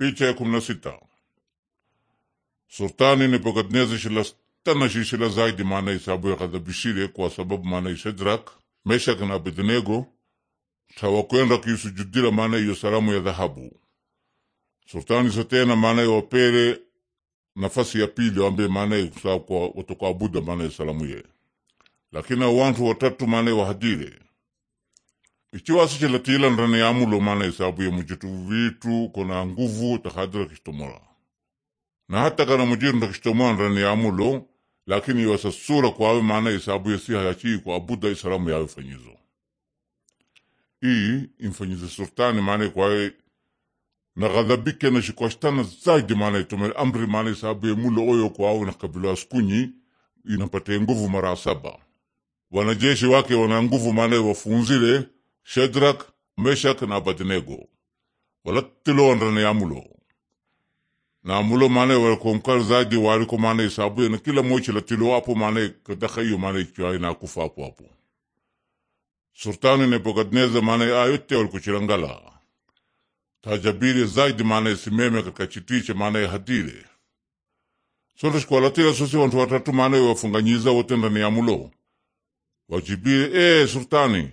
Picha ya kumi na sita sultani shila zaidi maana isabu ya kadhabishile kwa sababu maana Shedrak Meshak na Abednego tawakwenda kiisujudila maana iyo salamu ya dhahabu sultani satena maana wapere nafasi ya pili wambe maana watukuabuda maana salamu ye lakini wantu watatu maana wahadile ichiwaso chilatila nrana yamulo maana hesabu ya mujitu vitu kuna nguvu takadira kishitomola na hata kana mujiru ndakishtomola nrana yamulo lakini iwasasura kwawe maana hesabu ya siha yachi kwa abuda isalamu yawe fanyizo ii imfanyize sultani maana kwawe na ghadhabike na shikwashtana zaidi maana itomele amri maana hesabu ya mulo oyo kwawe na kabila askunyi inapate nguvu mara saba wanajeshi wake wana nguvu maana wafunzile Shedrak, Meshak na Abednego walatilondana ya mulo na mulo mane walikonkar zaidi waliko mane isabu na kila mochi latilo apo mane kadakayo mane chai na kufa apo apo Sultani Nebukadneza mane ayote walikuchirangala tajabiri zaidi mane simeme katika chitiche mane hadire sontashikualatila sosi wantu watatu mane wafunganyiza wote ndani ya mulo wajibire ee Sultani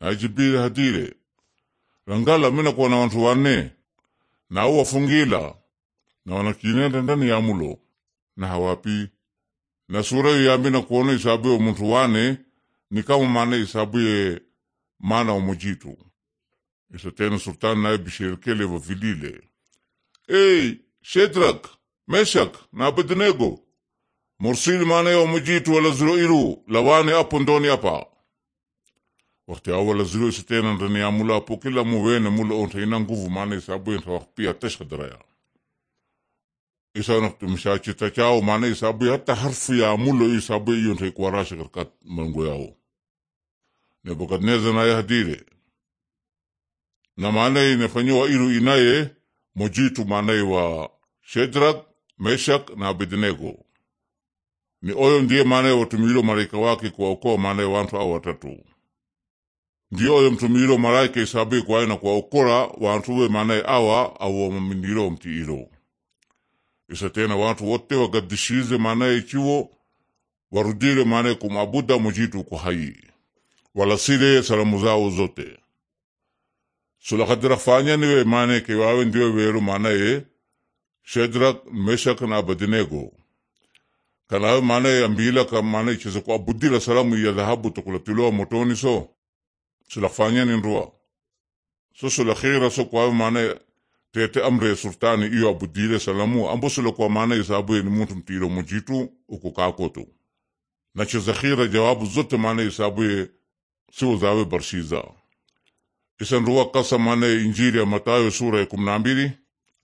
naijibira hadire mina minakuwa na wantu wane na au wafungila na wanakinenda ndani ya mulo na hawapi na sura iyo yamina kuona ya omuntu wane ni kama ya mana wa omujitu isa tena sultani naye bishirikele vilile ey shedrak meshak na abednego mursili mana ya omujitu wala ziro iru lawane apo ndoni apa wakati awala zilo sitena ndani ya mula po kila muwene mula onta ina nguvu maana isabu enta wakpia tesha daraya isa nakti mishachita chao maana isabu hata harfu ya mulo isabu iyo nta ikwarasha karkat mango yao nebukadneza na yahdire na maanaye inafanyiwa inu inaye mojitu maanaye wa shedrak meshak na abednego ni oyo ndiye maanaye watumilo malaika wake kuwaokoa maanaye wantu au watatu ndiyoyo mtumiilo malaika isabe kwaye na kuwaokora wantu we manaye awa awomaminilo mtiilo isa tena wantu wote wagadishize manaye ichiwo warudile manaye kumabuda mujitu kwa hai walasile salamu zao zote sulakadira fanyaniwe manaye kewawe ndiwe welu manaye shedrak meshak na abadinego kanawe manaye ambila ka manaye ichize kuabudila salamu ya dhahabu tukulatiloa motoni so ni rua so khira so kwawe maana tete amre sultani iyo abudile salamu ambo kwa maana isabu ni muntu mtiro mujitu ukukakotu nacho zakhira jawabu zote maana isabu sio zawe barshiza isan rua kasa maana injili ya matayo sura ya kumi na mbili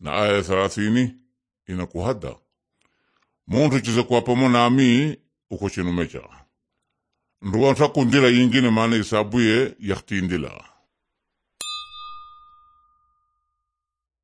na aya ya thelathini inakuhada muntu chiza kwa pamo nami uko chinumecha ndugu yingine maana isabuye ye